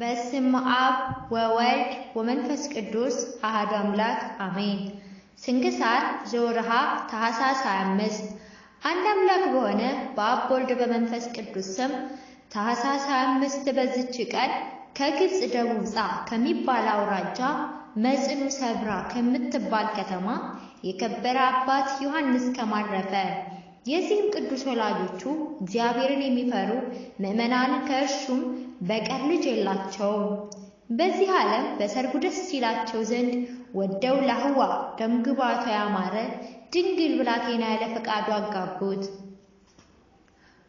በስም አብ ወወልድ ወመንፈስ ቅዱስ አህዱ አምላክ አሜን። ስንክሳር ዘወርሃ ታኅሳስ 25 አንድ አምላክ በሆነ በአብ ወልድ በመንፈስ ቅዱስ ስም ታኅሳስ 25 በዝች ቀን ከግብፅ ደቡብፃ ከሚባል አውራጃ መጽኑ ሰብራ ከምትባል ከተማ የከበረ አባት ዮሐንስ ከማረፈ የዚህም ቅዱስ ወላጆቹ እግዚአብሔርን የሚፈሩ ምዕመናንን ከእርሱም በቀር ልጅ የላቸውም። በዚህ ዓለም በሰርጉ ደስ ይላቸው ዘንድ ወደው ለህዋ ደምግባቷ ያማረ ድንግል ብላቴና ያለ ፈቃዱ አጋቡት።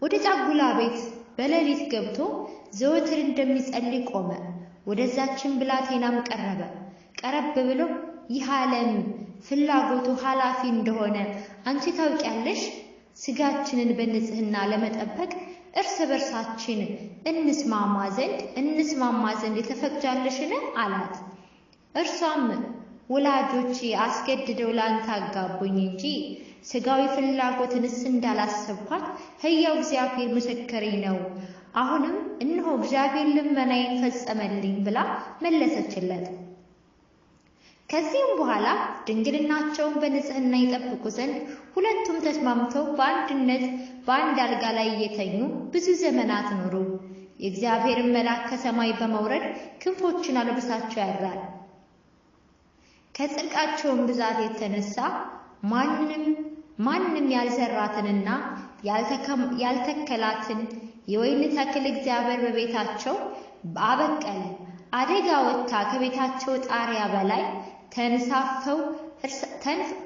ወደ ጫጉላ ቤት በሌሊት ገብቶ ዘወትር እንደሚጸልይ ቆመ። ወደዛችን ብላቴናም ቀረበ። ቀረብ ብሎ ይህ ዓለም ፍላጎቱ ኃላፊ እንደሆነ አንቺ ታውቂያለሽ ስጋችንን በንጽህና ለመጠበቅ እርስ በርሳችን እንስማማ ዘንድ እንስማማ ዘንድ የተፈቅጃለሽን አላት። እርሷም ወላጆች አስገድደው ላንተ አጋቡኝ እንጂ ስጋዊ ፍላጎትንስ እንዳላሰብኳት ሕያው እግዚአብሔር ምስክሬ ነው። አሁንም እነሆ እግዚአብሔር ልመናዬን ፈጸመልኝ ብላ መለሰችለት። ከዚህም በኋላ ድንግልናቸውን በንጽህና ይጠብቁ ዘንድ ሁለቱም ተስማምተው በአንድነት በአንድ አልጋ ላይ እየተኙ ብዙ ዘመናት ኖሩ። የእግዚአብሔርን መልአክ ከሰማይ በመውረድ ክንፎችን አልብሳቸው ያድራል። ከጽድቃቸውን ብዛት የተነሳ ማንም ማንም ያልዘራትንና ያልተከላትን የወይን ተክል እግዚአብሔር በቤታቸው አበቀለ። አደጋ ወጥታ ከቤታቸው ጣሪያ በላይ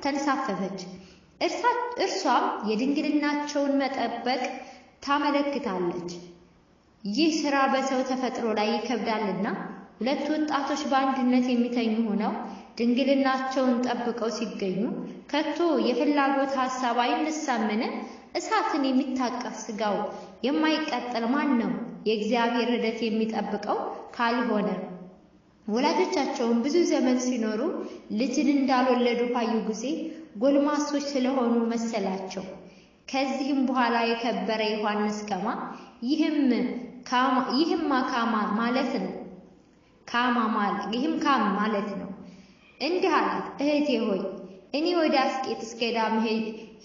ተንሳፈፈች። እርሷም የድንግልናቸውን መጠበቅ ታመለክታለች። ይህ ስራ በሰው ተፈጥሮ ላይ ይከብዳልና ሁለት ወጣቶች በአንድነት የሚተኙ ሆነው ድንግልናቸውን ጠብቀው ሲገኙ ከቶ የፍላጎት ሀሳብ አይነሳምን? እሳትን የሚታቀፍ ስጋው የማይቀጥል ማን ነው? የእግዚአብሔር ረድኤት የሚጠብቀው ካልሆነ ወላጆቻቸውም ብዙ ዘመን ሲኖሩ ልጅን እንዳልወለዱ ባዩ ጊዜ ጎልማሶች ስለሆኑ መሰላቸው። ከዚህም በኋላ የከበረ ዮሐንስ ከማ ይህማ ካማ ማለት ነው ካማ ማለት ይህም ካም ማለት ነው እንዲህ አላት፣ እህቴ ሆይ እኔ ወደ አስቄጥስ ገዳም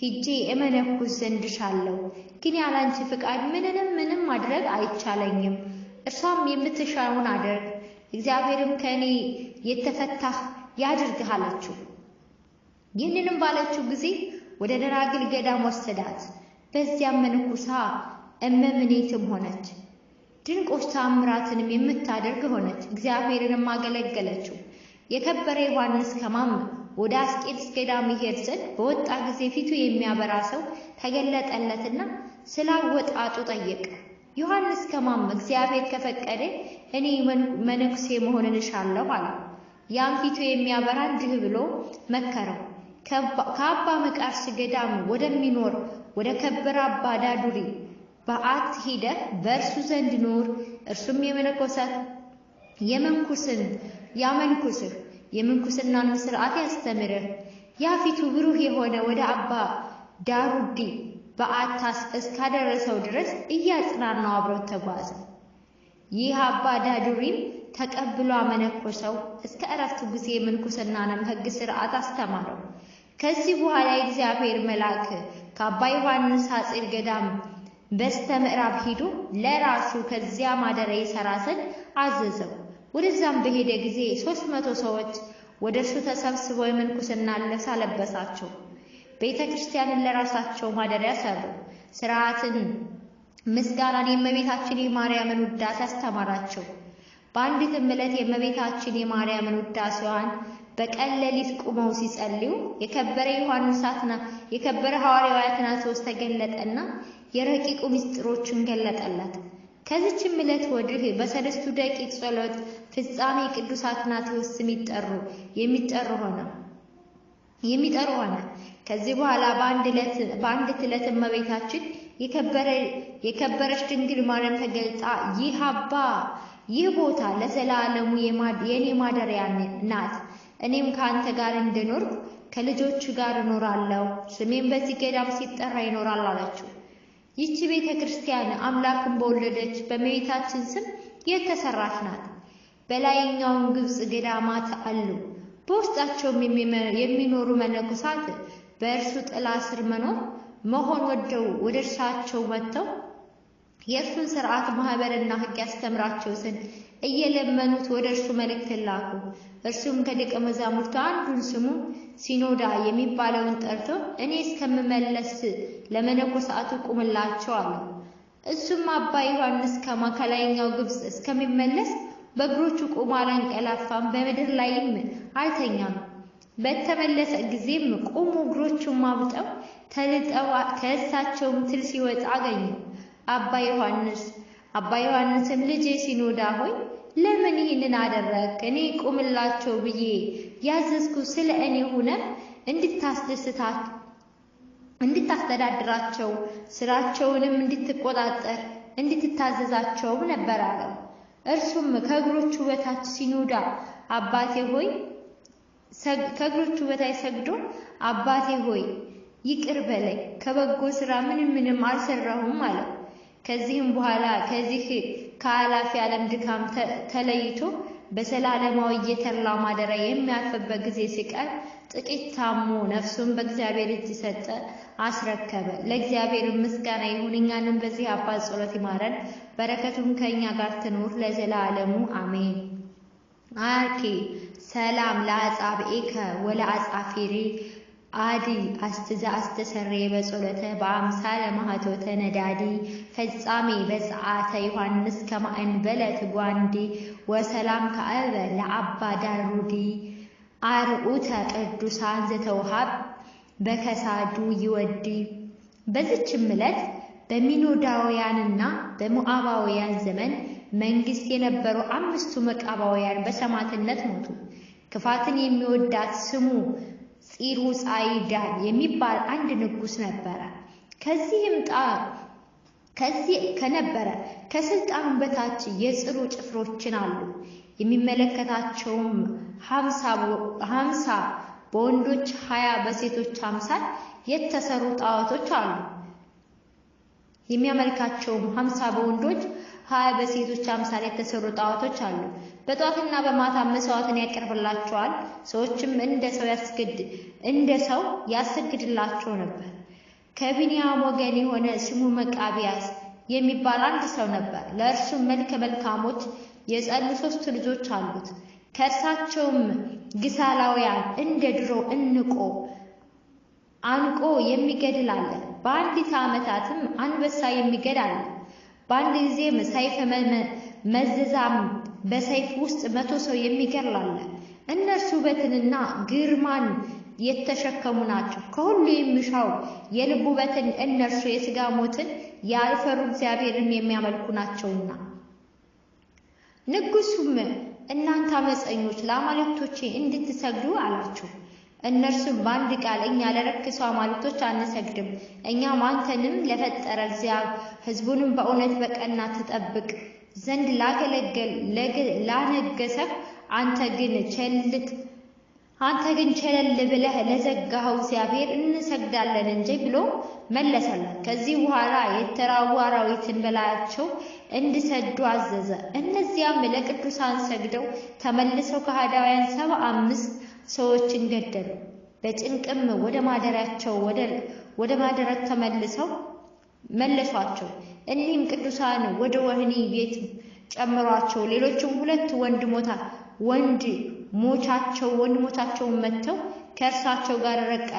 ሂጄ እመነኩስ ዘንድ እሻለሁ፣ ግን ያላንቺ ፍቃድ ምንንም ምንም ማድረግ አይቻለኝም። እርሷም የምትሻውን አደርግ እግዚአብሔርም ከእኔ የተፈታህ ያድርግህ አለችው። ይህንንም ባለችው ጊዜ ወደ ደራግል ገዳም ወሰዳት። በዚያም መንኩሳ እመምኔትም ሆነች። ድንቆች ታምራትንም የምታደርግ ሆነች። እግዚአብሔርንም አገለገለችው። የከበረ ዮሐንስ ከማም ወደ አስቄጥስ ገዳም ይሄድ ዘንድ በወጣ ጊዜ ፊቱ የሚያበራ ሰው ተገለጠለትና ስላወጣጡ ጠየቀ። ዮሐንስ ከማም እግዚአብሔር ከፈቀደ እኔ መነኩሴ መሆንን እሻለሁ አለ። ያም ፊቱ የሚያበራ እንዲህ ብሎ መከረው። ከአባ መቃርስ ገዳም ወደሚኖር ወደ ከበረ አባ ዳዱሪ በዓት ሂደህ በእርሱ ዘንድ ኑር። እርሱም የመነኮሳት የመንኩስን ያመንኩስህ የምንኩስናን ስርዓት ያስተምርህ። ያ ፊቱ ብሩህ የሆነ ወደ አባ ዳሩዲ በአታስ እስካደረሰው ድረስ እያጽናናው አብሮት ተጓዘ። ይህ አባ ዳዱሪም ተቀብሎ አመነኮሰው። እስከ እረፍቱ ጊዜ ምንኩስናንም ሕግ ስርዓት አስተማረው። ከዚህ በኋላ የእግዚአብሔር መልአክ ከአባ ዮሐንስ ሐጺር ገዳም በስተ ምዕራብ ሂዶ ለራሱ ከዚያ ማደሪያ የሰራ ዘንድ አዘዘው። ወደዛም በሄደ ጊዜ ሦስት መቶ ሰዎች ወደ እርሱ ተሰብስበው የምንኩስና ልብስ አለበሳቸው። ቤተ ክርስቲያንን ለራሳቸው ማደሪያ ሰሩ። ስርዓትን፣ ምስጋናን፣ የእመቤታችን የማርያምን ውዳሴ አስተማራቸው። በአንዲትም ዕለት የእመቤታችን የማርያምን ውዳሴዋን በቀን ሌሊት ቁመው ሲጸልዩ የከበረ ዮሐንስ ዮሐንሳትና የከበረ ሐዋርያው አትናቴዎስ ተገለጠና የረቂቁ ምስጢሮችን ገለጠላት። ከዚችም ዕለት ወዲህ በሰለስቱ ደቂቅ ጸሎት ፍጻሜ ቅዱስ አትናቴዎስ የሚጠሩ የሚጠሩ ሆነ የሚጠሩ ሆነ። ከዚህ በኋላ በአንዲት ዕለት እመቤታችን የከበረች ድንግል ማርያም ተገልጻ ይህ አባ ይህ ቦታ ለዘላለሙ የኔ ማደሪያ ናት፣ እኔም ከአንተ ጋር እንደኖር ከልጆቹ ጋር እኖራለሁ፣ ስሜም በዚህ ገዳም ሲጠራ ይኖራል አለችው። ይቺ ቤተ ክርስቲያን አምላክን በወለደች በእመቤታችን ስም የተሰራች ናት። በላይኛው ግብፅ ገዳማት አሉ። በውስጣቸውም የሚኖሩ መነኮሳት በእርሱ ጥላ ስር መኖር መሆን ወደው ወደ እርሳቸው መጥተው የእርሱን ስርዓት ማህበርና ሕግ ያስተምራቸው ዘንድ እየለመኑት ወደ እርሱ መልእክት ላኩ። እርሱም ከደቀ መዛሙርቱ አንዱን ስሙ ሲኖዳ የሚባለውን ጠርቶ እኔ እስከምመለስ ለመነኮሳቱ ቁምላቸው አለ። እሱም አባ ዮሐንስ ከማከላይኛው ግብጽ ግብፅ እስከሚመለስ በእግሮቹ ቆሞ አላንቀላፋም፣ በምድር ላይም አልተኛም። በተመለሰ ጊዜም ቆሞ እግሮቹን ማብጠው ተልጠው ከእሳቸውም ትል ሲወጣ አገኙ አባ ዮሐንስ አባ ዮሐንስም ልጄ ሲኖዳ ሆይ ለምን ይህንን አደረግ? እኔ ቁምላቸው ብዬ ያዘዝኩ ስለ እኔ ሆነ እንድታስደስታት እንድታስተዳድራቸው ስራቸውንም እንድትቆጣጠር እንድትታዘዛቸውም ነበር አለው። እርሱም ከእግሮቹ በታች ሲኖዳ አባቴ ሆይ ከእግሮቹ በታች ሰግዶ አባቴ ሆይ ይቅር በለኝ ከበጎ ስራ ምንም ምንም አልሰራሁም አለው። ከዚህም በኋላ ከዚህ ከአላፊ ዓለም ድካም ተለይቶ በሰላለማዊ እየተላ ማደሪያ የሚያርፍበት ጊዜ ሲቀር ጥቂት ታሞ ነፍሱን በእግዚአብሔር እጅ ሰጠ፣ አስረከበ። ለእግዚአብሔር ምስጋና ይሁን፣ እኛንም በዚህ አባት ጸሎት ይማረን፣ በረከቱም ከእኛ ጋር ትኑር ለዘላለሙ አሜን። አርኬ ሰላም ለአጻብኤከ ወለአጻፊሪ አዲ አስትዛ አስተሰሬ በጸሎተ በአምሳለ ማህቶተ ነዳዲ ፈጻሜ በፀዓተ ዮሐንስ በለት ጓንዲ ወሰላም ከአበ ለአባ ዳሩዲ አርዑተ ቅዱሳን ዘተውሃብ በከሳዱ ይወዲ። በዚችም ዕለት በሚኖዳውያንና በሞዓባውያን ዘመን መንግስት የነበሩ አምስቱ መቃባውያን በሰማዕትነት ሞቱ። ክፋትን የሚወዳት ስሙ ፂሩጻይዳን የሚባል አንድ ንጉስ ነበረ። ከዚህም ጣር ከዚህ ከነበረ ከስልጣኑ በታች የጽሩ ጭፍሮችን አሉ። የሚመለከታቸውም ሀምሳ በወንዶች ሀያ በሴቶች አምሳል የተሰሩ ጣዖቶች አሉ። የሚያመልካቸውም ሀምሳ በወንዶች ሀያ በሴቶች አምሳል የተሰሩ ጣዖቶች አሉ። በጠዋትና በማታ መስዋዕትን ያቀርብላቸዋል። ሰዎችም እንደ ሰው ያስገድ እንደ ሰው ያሰግድላቸው ነበር። ከቢንያም ወገን የሆነ ስሙ መቃቢያስ የሚባል አንድ ሰው ነበር። ለእርሱም መልከ መልካሞች የጸኑ ሶስት ልጆች አሉት። ከእርሳቸውም ግሳላውያን እንደ ድሮ እንቆ አንቆ የሚገድል አለ። በአንዲት ዓመታትም አንበሳ የሚገድል አለ። በአንድ ጊዜ ሰይፈ መዘዛም በሰይፍ ውስጥ መቶ ሰው የሚገድል አለ። እነርሱ ውበትንና ግርማን የተሸከሙ ናቸው። ከሁሉ የሚሻው የልብ ውበትን እነርሱ የስጋ ሞትን ያልፈሩ እግዚአብሔርን የሚያመልኩ ናቸውና። ንጉሱም እናንተ አመፀኞች ለአማልክቶቼ እንድትሰግዱ አላቸው። እነርሱም በአንድ ቃል እኛ ለረከሱ አማልክቶች አንሰግድም፣ እኛም አንተንም ለፈጠረ እግዚአብ ሕዝቡንም በእውነት በቀና ትጠብቅ ዘንድ ላነገሰህ አንተ ግን ቸልት አንተ ግን ቸለል ብለህ ለዘጋኸው እግዚአብሔር እንሰግዳለን እንጂ ብሎ መለሰላት። ከዚህ በኋላ የተራቡ አራዊትን በላያቸው እንዲሰዱ አዘዘ። እነዚያም ለቅዱሳን ሰግደው ተመልሰው ከሃዳውያን ሰባ አምስት ሰዎችን ገደሉ። በጭንቅም ወደ ማደሪያቸው ወደ ማደሪያት ተመልሰው መለሷቸው። እኒህም ቅዱሳን ወደ ወህኒ ቤት ጨምሯቸው። ሌሎችም ሁለት ወንድ ሞታ ወንድ ሞቻቸው ወንድ መጥተው ከእርሳቸው ጋር ረቀ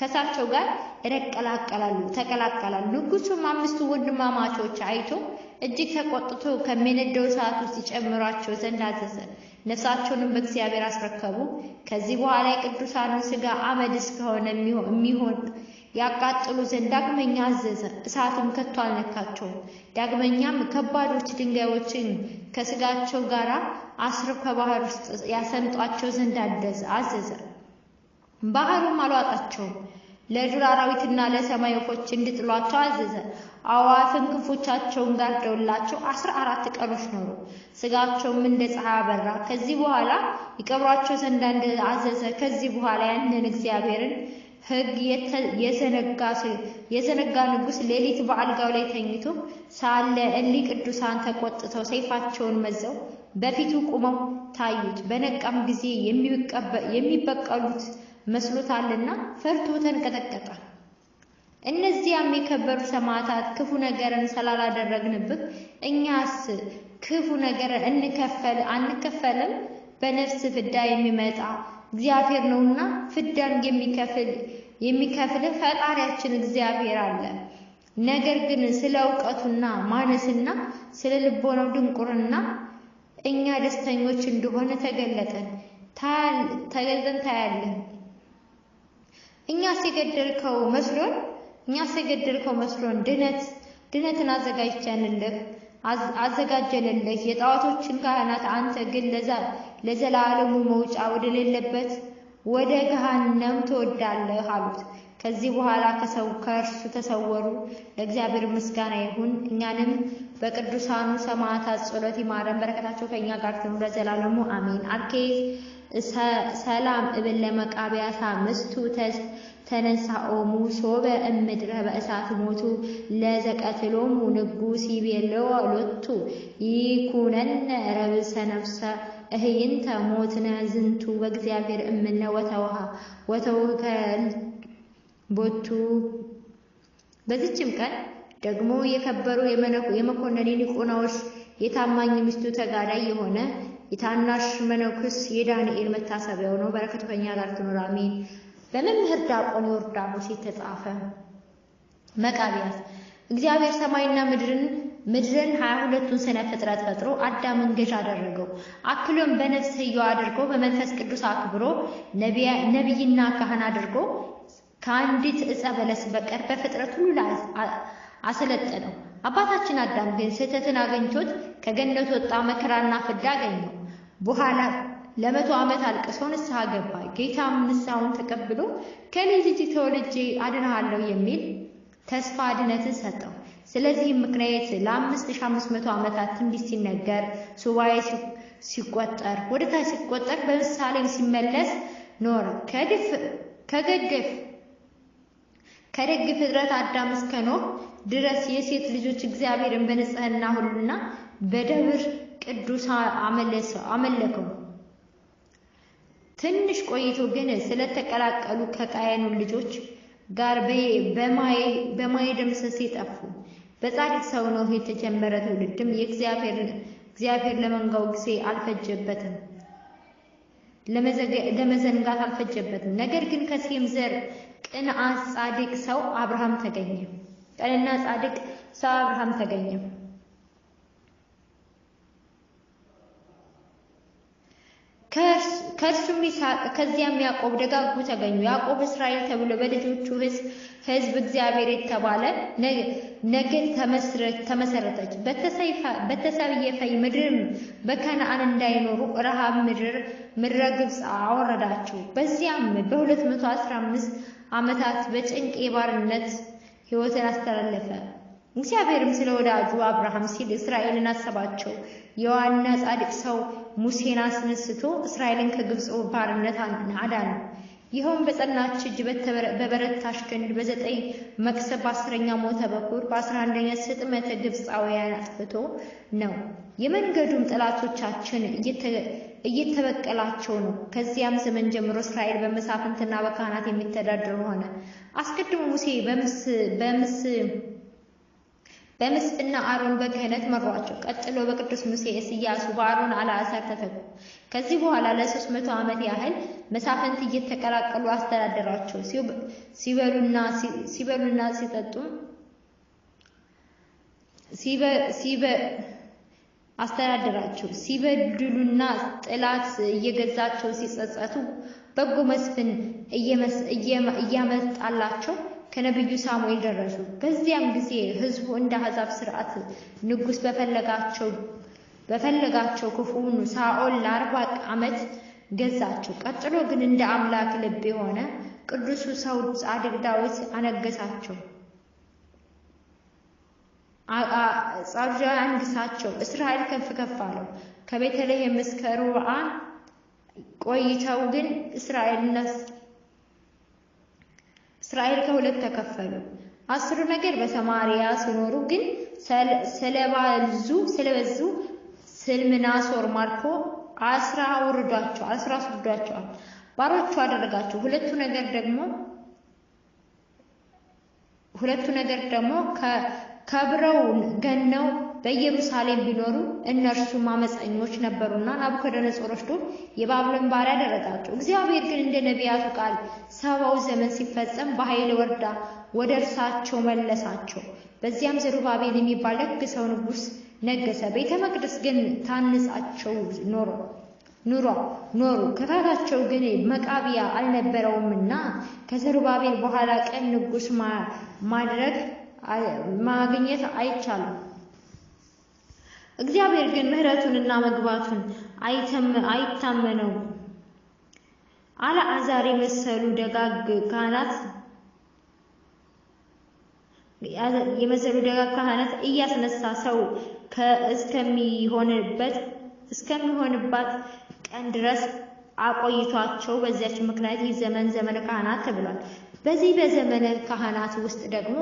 ከእርሳቸው ጋር ረቀላቀላሉ ተቀላቀላሉ። ንጉሱም አምስቱ ወንድማማቾች አይቶ እጅግ ተቆጥቶ ከሚነደው እሳት ውስጥ ይጨምሯቸው ዘንድ አዘዘ። ነፍሳቸውንም በእግዚአብሔር አስረከቡ። ከዚህ በኋላ የቅዱሳኑን ስጋ አመድ እስከሆነ የሚሆን ያቃጥሉ ዘንድ ዳግመኛ አዘዘ። እሳቱን ከቶ አልነካቸውም። ዳግመኛም ከባዶች ድንጋዮችን ከስጋቸው ጋር አስረው ከባህር ውስጥ ያሰምጧቸው ዘንድ አዘዘ። ባህሩም አልዋጣቸውም። ለዱር አራዊትና ለሰማይ ወፎች እንዲጥሏቸው አዘዘ። አዋፍን ክንፎቻቸውን ጋርደውላቸው አስራ አራት ቀኖች ኖሩ። ስጋቸውም እንደ ፀሐይ አበራ። ከዚህ በኋላ ይቀብሯቸው ዘንድ አዘዘ። ከዚህ በኋላ ያንን እግዚአብሔርን ሕግ የዘነጋ ንጉሥ ሌሊት በአልጋው ላይ ተኝቶ ሳለ እሊ ቅዱሳን ተቆጥተው ሰይፋቸውን መዘው በፊቱ ቁመው ታዩት። በነቃም ጊዜ የሚበቀሉት መስሎታልና ፈርቶ ተንቀጠቀጠ። እነዚያም የከበሩ ሰማዕታት ክፉ ነገርን ስላላደረግንብህ እኛስ ክፉ ነገር እንከፈል አንከፈልም? በነፍስ ፍዳ የሚመጣ እግዚአብሔር ነውና ፍዳን የሚከፍል የሚከፍል ፈጣሪያችን እግዚአብሔር አለ። ነገር ግን ስለ እውቀቱና ማነስና ስለ ልቦናው ድንቁርና እኛ ደስተኞች እንደሆነ ተገለጠን ተገልጠን ታያለን። እኛ ሲገደልከው መስሎን እኛ ሲገደልከው መስሎን ድነት ድነትን አዘጋጅተንልህ አዘጋጀንልህ የጣዖቶችን ካህናት አንተ ግን ለዛ ለዘላለሙ መውጫ ወደ ሌለበት ወደ ገሃነም ትወዳለህ አሉት። ከዚህ በኋላ ከሰው ከእርሱ ተሰወሩ። ለእግዚአብሔር ምስጋና ይሁን። እኛንም በቅዱሳኑ ሰማዕታት ጸሎት ይማረን። በረከታቸው ከእኛ ጋር ትኑር ለዘላለሙ አሜን። አርኬ ሰላም እብል ለመቃቢያ ሳምስቱ ተነሳኦሙ ሶበ እምድረ በእሳት ሞቱ ለዘቀትሎሙ ንጉስ ይቤለወ ሎቱ ይኩነነ ረብሰ ነፍሰ እህይንተ ሞትነ ዝንቱ በእግዚአብሔር እምነ ወተውሃ ወተውከል ቦቱ በዚችም ቀን ደግሞ የከበሩ የመኮንን ኒቆናዎስ የታማኝ ሚስቱ ተጋዳይ የሆነ የታናሽ መነኩስ የዳንኤል መታሰቢያው ነው። በረከቱ ከእኛ ጋር ትኑር አሜን። በመምህር ዳቆን ዮርዳኖስ የተጻፈ መቃብያት እግዚአብሔር ሰማይና ምድርን ምድርን ሀያ ሁለቱን ስነ ፍጥረት ፈጥሮ አዳምን ገዥ አደረገው። አክሎም በነፍስ ሕያው አድርጎ በመንፈስ ቅዱስ አክብሮ ነቢይና ካህን አድርጎ ከአንዲት እፀ በለስ በቀር በፍጥረት ሁሉ አሰለጠነው። አባታችን አዳም ግን ስህተትን አግኝቶት ከገነት ወጣ፣ መከራና ፍዳ አገኘው። በኋላ ለመቶ ዓመት አልቅሶ ንስሐ ገባ። ጌታም ንስሐውን ተቀብሎ ከኔ ልጅ ተወልጄ አድንሃለሁ የሚል ተስፋ ድነትን ሰጠው። ስለዚህም ምክንያት ለ5500 ዓመታት ትንቢት ሲነገር፣ ሱባኤ ሲቆጠር፣ ወደታች ሲቆጠር፣ በምሳሌም ሲመለስ ኖረ ከግፍ ከደግ ፍጥረት አዳም እስከ ኖህ ድረስ የሴት ልጆች እግዚአብሔርን በንጽህና ሁሉና በደብር ቅዱስ አመለከው። ትንሽ ቆይቶ ግን ስለተቀላቀሉ ከቃየኑ ልጆች ጋር በማየ ደምሰስ ጠፉ። በጻድቅ ሰው ኖህ የተጀመረ ትውልድም የእግዚአብሔር ለመንጋው ጊዜ አልፈጀበትም ለመዘንጋት አልፈጀበትም። ነገር ግን ከሴም ዘር ቅንአ ጻድቅ ሰው አብርሃም ተገኘ። ቅንና ጻድቅ ሰው አብርሃም ተገኘ። ከእርሱም ይስሐቅ ከዚያም ያዕቆብ ደጋጉ ተገኙ። ያዕቆብ እስራኤል ተብሎ በልጆቹ ሕዝብ እግዚአብሔር የተባለ ነገድ ተመሰረተች። በተሰብየፈይ ምድርም በከነአን እንዳይኖሩ ረሃብ ምድረ ግብፅ አወረዳቸው። በዚያም በ215 ዓመታት በጭንቅ የባርነት ሕይወትን አስተላለፈ። እግዚአብሔርም ስለ ወዳጁ አብርሃም ሲል እስራኤልን አሰባቸው። የዋና ጻድቅ ሰው ሙሴን አስነስቶ እስራኤልን ከግብፅ ባርነት አዳነ። ይኸውም በጸናች እጅ በበረታሽ ክንድ በዘጠኝ መክሰብ በአስረኛ ሞተ በኩር በአስራ አንደኛ ስጥመተ ግብፃውያን አጥፍቶ ነው። የመንገዱም ጠላቶቻችን እየተበቀላቸው ነው። ከዚያም ዘመን ጀምሮ እስራኤል በመሳፍንትና በካህናት የሚተዳደሩ ሆነ። አስቀድሞ ሙሴ በምስ በምስፍና አሮን በክህነት መሯቸው። ቀጥሎ በቅዱስ ሙሴ ኢያሱ፣ በአሮን አልዓዛር ተተኩ። ከዚህ በኋላ ለ መቶ ዓመት ያህል መሳፍንት እየተቀላቀሉ አስተዳደራቸው። ሲበሉና ሲበሉና ሲጠጡ አስተዳደራቸው። ሲበድሉና ጥላት እየገዛቸው ሲጸጸቱ በጎ መስፍን እያመጣላቸው ከነቢዩ ሳሙኤል ደረሱ። በዚያም ጊዜ ሕዝቡ እንደ አሕዛብ ስርዓት ንጉስ በፈለጋቸው በፈለጋቸው ክፉውን ሳኦል ለአርባ ዓመት ገዛቸው። ቀጥሎ ግን እንደ አምላክ ልብ የሆነ ቅዱሱ ሰው ጻድቅ ዳዊት አነገሳቸው። ጻድቃን ንጉሳቸው እስራኤል ከፍ ከፍ አለው። ከቤተልሔም እስከ ሮብዓም ቆይተው ግን እስራኤልና እስራኤል ከሁለት ተከፈሉ። አስሩ ነገር በሰማሪያ ሲኖሩ ግን ስለባዙ ስለበዙ ስልምናሶር ማርኮ አስራ ወርዷቸው አስራ አስወርዷቸዋል ባሮቹ አደረጋቸው። ሁለቱ ነገር ደግሞ ሁለቱ ነገር ደግሞ ከብረው ገነው በኢየሩሳሌም ቢኖሩ እነርሱም አመፀኞች ነበሩና ናቡከደነፆር ወስዶ የባብሎን ባሪያ አደረጋቸው። እግዚአብሔር ግን እንደ ነቢያቱ ቃል ሰባው ዘመን ሲፈጸም በኃይል ወርዳ ወደ እርሳቸው መለሳቸው። በዚያም ዘሩባቤል የሚባል ደግ ሰው ንጉሥ ነገሰ። ቤተ መቅደስ ግን ታንጻቸው ኖሮ ኑሮ ኖሩ ከታታቸው ግን መቃቢያ አልነበረውምና ከዘሩባቤል በኋላ ቀን ንጉሥ ማድረግ ማግኘት አይቻልም። እግዚአብሔር ግን ምሕረቱን እና መግባቱን አይታመነው። አልዓዛር የመሰሉ ደጋግ ካህናት የመሰሉ ደጋግ ካህናት እያስነሳ ሰው ከእስከሚሆንበት እስከሚሆንባት ቀን ድረስ አቆይቷቸው በዚያች ምክንያት ይህ ዘመን ዘመነ ካህናት ተብሏል። በዚህ በዘመነ ካህናት ውስጥ ደግሞ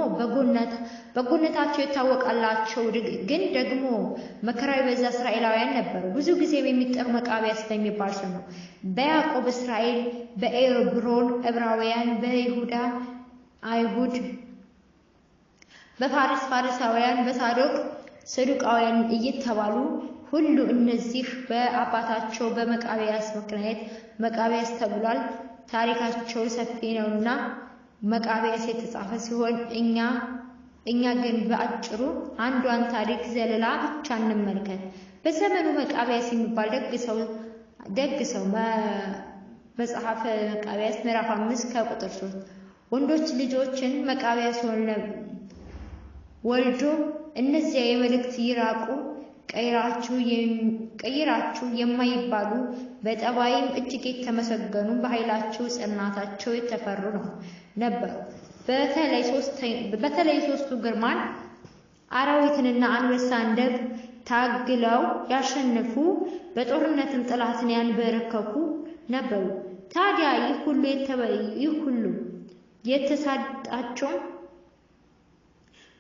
በጎነታቸው ይታወቃላቸው ግን ደግሞ መከራ የበዛ እስራኤላውያን ነበሩ። ብዙ ጊዜም የሚጠሩ መቃቢያስ በሚባል ስም ነው። በያዕቆብ እስራኤል፣ በኤብሮን ዕብራውያን፣ በይሁዳ አይሁድ፣ በፋርስ ፋርሳውያን፣ በሳዶቅ ሰዱቃውያን እየተባሉ ሁሉ እነዚህ በአባታቸው በመቃቢያስ ምክንያት መቃቢያስ ተብሏል። ታሪካቸው ሰፊ ነውና መቃብያስ የተጻፈ ሲሆን እኛ እኛ ግን በአጭሩ አንዷን ታሪክ ዘለላ ብቻ እንመልከት። በዘመኑ መቃብያስ የሚባል ደግ ሰው ደግ ሰው መጽሐፈ መቃብያስ ምዕራፍ አምስት ከቁጥር ሶስት ወንዶች ልጆችን መቃብያስ ወልዶ እነዚያ የመልእክት ይራቁ ቀይራችሁ የማይባሉ በጠባይም እጅግ የተመሰገኑ በኃይላቸው ጽናታቸው የተፈሩ ነው ነበሩ። በተለይ ሶስቱ ግርማን አራዊትንና አንበሳን ደብ ታግለው ያሸንፉ በጦርነትም ጥላትን ያንበረከኩ ነበሩ። ታዲያ ይህ ሁሉ የተሳጣቸው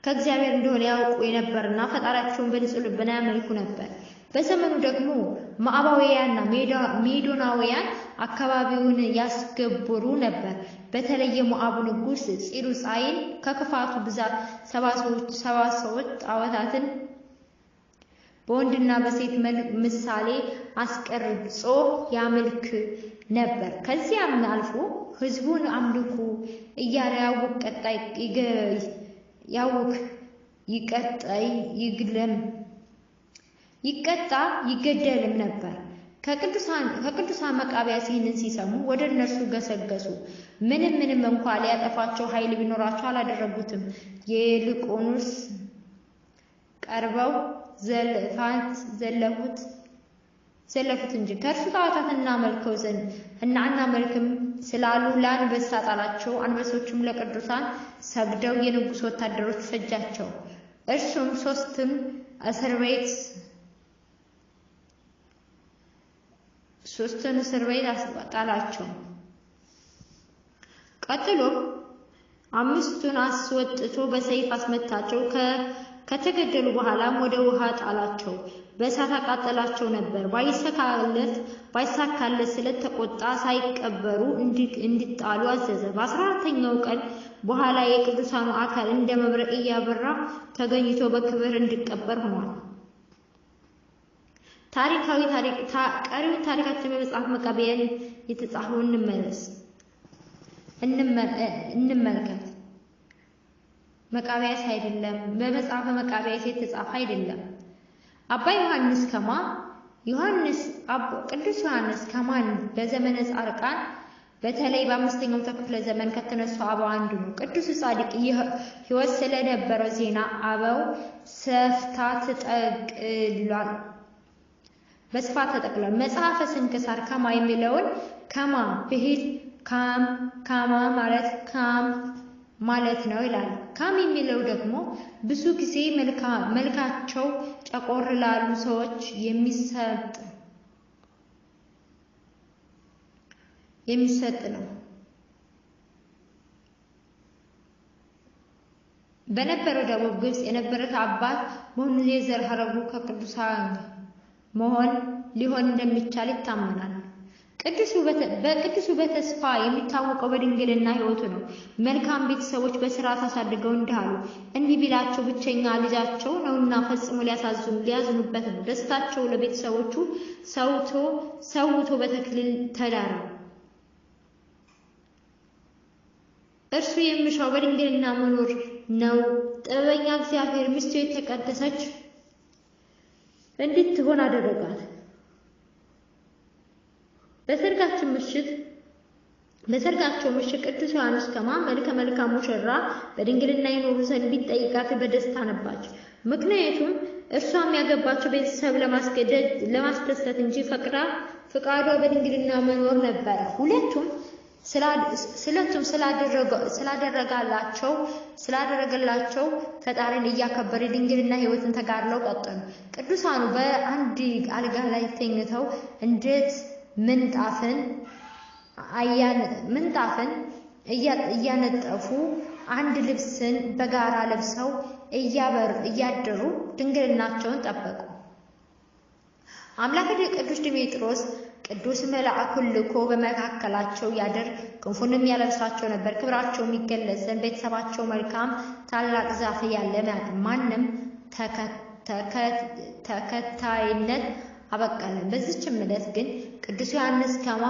ከእግዚአብሔር እንደሆነ ያውቁ የነበርና ፈጣሪያቸውን በንጹሕ ልብና ያመልኩ ነበር። በዘመኑ ደግሞ ማዕባውያንና ሜዶናውያን አካባቢውን ያስገብሩ ነበር። በተለይ የሞዓቡ ንጉሥ ጺሩጻይን ከክፋቱ ብዛት ሰባ ሰዎች ጣዖታትን በወንድና በሴት ምሳሌ አስቀርጾ ያመልክ ነበር። ከዚያም አልፎ ሕዝቡን አምልኩ እያለ ያውቅ ቀጣይ ያውክ ይቀጣይ ይግለም ይቀጣ ይገደልም ነበር። ከቅዱሳን ከቅዱሳን መቃብያት ይህንን ሲሰሙ ወደ እነርሱ ገሰገሱ። ምንም ምንም እንኳ ሊያጠፋቸው ኃይል ቢኖራቸው አላደረጉትም። የይልቁንስ ቀርበው ዘልፋት ዘለፉት ዘለፉት እንጂ ከእርሱ ጣዖታትን እናመልከው ዘንድ እና እናመልክም ስላሉ ለአንበሳ ጣላቸው። አንበሶቹም ለቅዱሳን ሰግደው የንጉሥ ወታደሮች ፈጃቸው። እርሱም ሶስትም እስር ቤት ሶስቱን እስር ቤት ጣላቸው። ቀጥሎም አምስቱን አስወጥቶ በሰይፍ አስመታቸው። ከተገደሉ በኋላም ወደ ውሃ ጣላቸው፣ በእሳት አቃጠላቸው ነበር። ባይሳካለት ባይሳካለት ተቆጣ ሳይቀበሩ እንዲጣሉ አዘዘ። በአስራ አራተኛው ቀን በኋላ የቅዱሳኑ አካል እንደ መብረቅ እያበራ ተገኝቶ በክብር እንዲቀበር ሆኗል። ታሪካዊ ቀሪውን ታሪካችን በመጽሐፍ መቃብያን የተጻፈው እንመለስ እንመልከት። መቃብያስ አይደለም፣ በመጽሐፈ መቃብያስ የተጻፈ አይደለም። አባ ዮሐንስ ከማ ዮሐንስ ቅዱስ ዮሐንስ ከማን በዘመነ ጻርቃን በተለይ በአምስተኛው ክፍለ ዘመን ከተነሱ አበው አንዱ ነው። ቅዱስ ጻድቅ ሕይወት ስለነበረው ዜና አበው ሰፍታ ተጠቅሏል፣ በስፋት ተጠቅሏል። መጽሐፈ ስንክሳር ከማ የሚለውን ከማ ብሂል ካም ካማ ማለት ካም ማለት ነው ይላል። ካም የሚለው ደግሞ ብዙ ጊዜ መልካቸው ጨቆር ላሉ ሰዎች የሚሰጥ የሚሰጥ ነው። በነበረው ደቡብ ግብጽ የነበረት አባት በሁሉ የዘር ሀረጉ ከቅዱሳን መሆን ሊሆን እንደሚቻል ይታመናል። በቅዱስ በተስፋ የሚታወቀው በድንግልና ህይወቱ ነው። መልካም ቤተሰቦች በስርዓት አሳድገው እንዳሉ እንዲህ ቢላቸው ብቸኛ ልጃቸው ነውና ፈጽሞ ሊያሳዝኑ ሊያዝኑበት ነው። ደስታቸው ለቤተሰቦቹ ሰውቶ ሰውቶ በተክልል ተዳረ እርሱ የሚሻው በድንግልና መኖር ነው። ጥበበኛ እግዚአብሔር ሚስቱ የተቀደሰች እንድትሆን አደረጋት። በሰርጋችን ምሽት በሰርጋቸው ምሽት ቅዱስ ዮሐንስ ከማ መልከ መልካም ሙሽራ በድንግልና ይኖሩ ዘንድ ቢጠይቃት በደስታ ነባች። ምክንያቱም እርሷም ያገባቸው ቤተሰብ ለማስገደድ ለማስደሰት እንጂ ፈቅራ ፍቃዷ በድንግልና መኖር ነበር። ሁለቱም ስለቱም ስላደረጋላቸው ስላደረገላቸው ፈጣሪን እያከበረ ድንግልና ህይወትን ተጋድለው ቀጠሉ። ቅዱሳኑ በአንድ አልጋ ላይ ተኝተው እንዴት ምንጣፍን ምንጣፍን እያነጠፉ አንድ ልብስን በጋራ ለብሰው እያደሩ ድንግልናቸውን ጠበቁ። አምላክ ቅዱስ ዲሜጥሮስ ቅዱስ መልአኩን ልኮ በመካከላቸው ያድር ክንፉንም ያለብሳቸው ነበር። ክብራቸው የሚገለጽ ዘንድ ቤተሰባቸው መልካም ታላቅ ዛፍ ያለ ማንም ተከታይነት አበቃለን። በዚችም ዕለት ግን ቅዱስ ዮሐንስ ከማ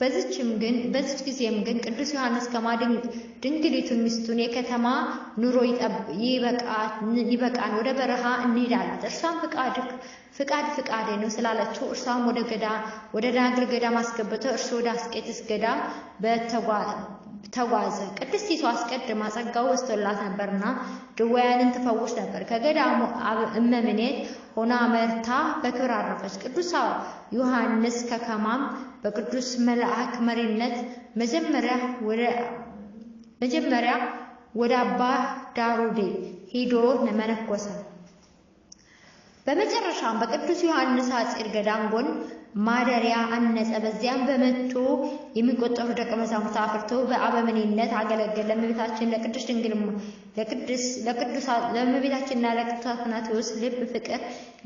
በዚችም ግን በዚች ጊዜም ግን ቅዱስ ዮሐንስ ከማድንግ ድንግሊቱን ሚስቱን የከተማ ኑሮ ይበቃን፣ ወደ በረሃ እንሂድ እርሷም ፍቃድ ፍቃድ ነው ስላለችው እርሷም ወደ ገዳ ወደ ዳግል ገዳም አስገብተው እርሱ ወደ አስቄጥስ ገዳም ተጓዘ። ቅድስቲቱ አስቀድማ ጸጋው ወስቶላት ነበርና ድውያንን ትፈውስ ነበር። ከገዳሙ እመምኔት ሆና መርታ በክብር አረፈች። ቅዱስ ዮሐንስ ከከማም በቅዱስ መልአክ መሪነት መጀመሪያ ወደ አባ ዳሮዴ ሄዶ መነኮሰ። በመጨረሻም በቅዱስ ዮሐንስ አጼር ገዳም ጎን ማደሪያ አነጸ። በዚያም በመቶ የሚቆጠሩ ደቀ መዛሙርት አፍርቶ በአበምኔነት አገለገለ። ለእመቤታችን ለቅድስት ድንግል ለእመቤታችንና ለቅዱስ አትናቴዎስ ልብ ፍቅር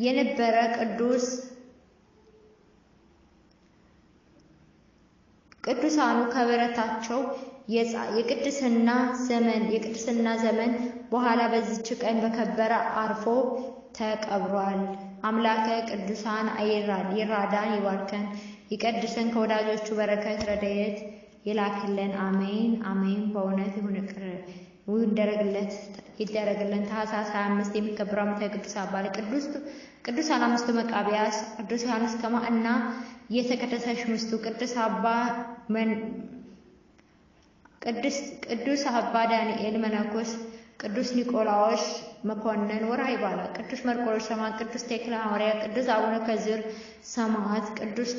የነበረ ቅዱስ ቅዱሳኑ ከበረታቸው የቅድስና ዘመን የቅድስና ዘመን በኋላ በዚች ቀን በከበረ አርፎ ተቀብሯል። አምላከ ቅዱሳን ይራዳን፣ ይባርከን፣ ይቀድሰን፣ ከወዳጆቹ በረከት ረድኤት ይላክልን። አሜን አሜን። በእውነት ይደረግልን። ታኅሳስ 25 የሚከበሩ ዓመታዊ ቅዱስ አባል ቅዱስ ቅዱሳን አምስቱ መቃቢያስ፣ ቅዱስ ዮሐንስ ከማ እና የተቀደሰች ምስቱ ቅዱስ አባ ቅዱስ አባ ዳንኤል መነኮስ ቅዱስ ኒቆላዎስ መኮንን ወራ ይባላል። ቅዱስ መርቆሬዎስ ሰማዕት፣ ቅዱስ ቴክላ ሐዋርያ፣ ቅዱስ አቡነ ከዝር ሰማዕት፣ ቅዱስ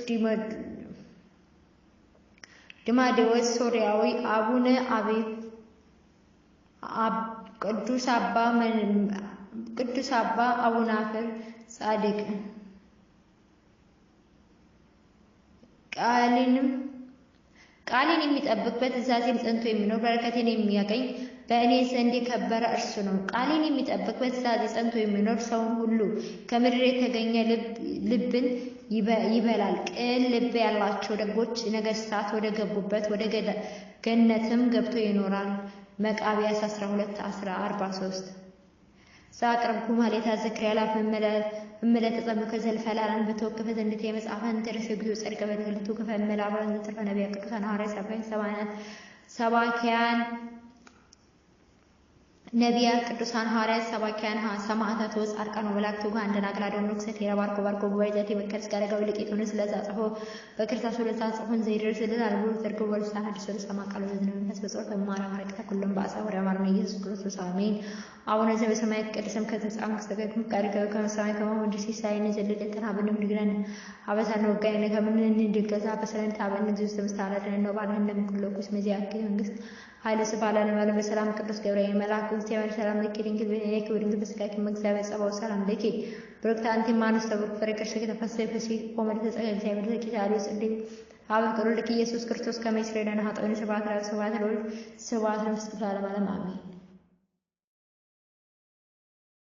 ድማዴዎስ ሶሪያዊ፣ አቡነ አቤ ቅዱስ አባ ቅዱስ አባ አቡናፍር ጻድቅ ቃሊንም ቃሌን የሚጠብቅ በትእዛዜም ጸንቶ የሚኖር በረከቴን የሚያገኝ በእኔ ዘንድ የከበረ እርሱ ነው። ቃሌን የሚጠብቅ በትእዛዜ ጸንቶ የሚኖር ሰውን ሁሉ ከምድር የተገኘ ልብን ይበላል። ቅን ልብ ያላቸው ደጎች ነገስታት ወደ ገቡበት ወደ ገነትም ገብቶ ይኖራል። መቃቢያስ 12 43 ዘአቅረብኩ ማሕሌተ ዘክርያ ላፈ እምዕለተ ጸምከ ዘልፈላን በተወከፈ ዘንድቴ መጽሐፈን ተረፈ እግዚኦ ጸድቀ በትክልቱ ክፈ እምዕላባ ዘተረፈ ነቢያት ቅዱሳን ሐዋርያት ሰባኪያን ነቢያ ቅዱሳን ሐዋርያት፣ ሰባኪያን፣ ሰማዕታት፣ ወስ አርቃኖ ወመላእክት ጋር ደናግል አድኅኖ ንኩሰት የረባርኮ ባርኮ ጉባኤ ዘቴ መቅደስ ጋደጋዊ ልቄት ሆነ ስለዛ ጽፎ በክርታሱ ለዛ ጽፎን ዘይደርስ ልል አልቦ ዘርግቦ ልሳን አዲስ ልሰማ ቃሉ ዘዝነ መንፈስ በጸሎት በማራ ማረቀታ ሁሉም በአሳ ወደ ነው ኢየሱስ ክርስቶስ አሜን። አቡነ ዘበሰማይ ቅድስም ከተጻም ክስተገግም ቃሪከ ከመሰማይ ከመሆን ድሲ ሳይን ዘለለተን አብንም ንግረን አበሳ ነው ጋይነ ከምን እንድገዛ በሰለንታ አብን ዚስ ተምሳላደነ ነው ባለን ለምክሎኩስ መዚያ መንግስት ኃይለ ስባላን ባለም በሰላም ቅዱስ ገብርኤል መልአክ እግዚአብሔር ሰላም ለኪ ድንግል ብእኔኪ ወድንግል በሥጋኪ እግዚአብሔር ጸባኦት ሰላም ለኪ ብሩክት አንቲ እማንስት ተብሩክ ፍሬቅርሽ ከተፈሰይ ፈሲ ኮመድ ተጸጋ እግዚአብሔር ለኪ ታዲዮ ጽድቅ አበቅሩ ልክ ኢየሱስ ክርስቶስ ከመ ይስሬ ለነ ኃጥአን ስብሐት ለእግዚአብሔር ወስብሐት ለወልድ ስብሐት ለመንፈስ ቅዱስ ዓለም ዓለም አሜን